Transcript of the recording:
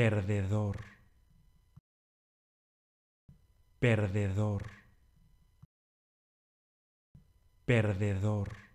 perdedor, perdedor, perdedor.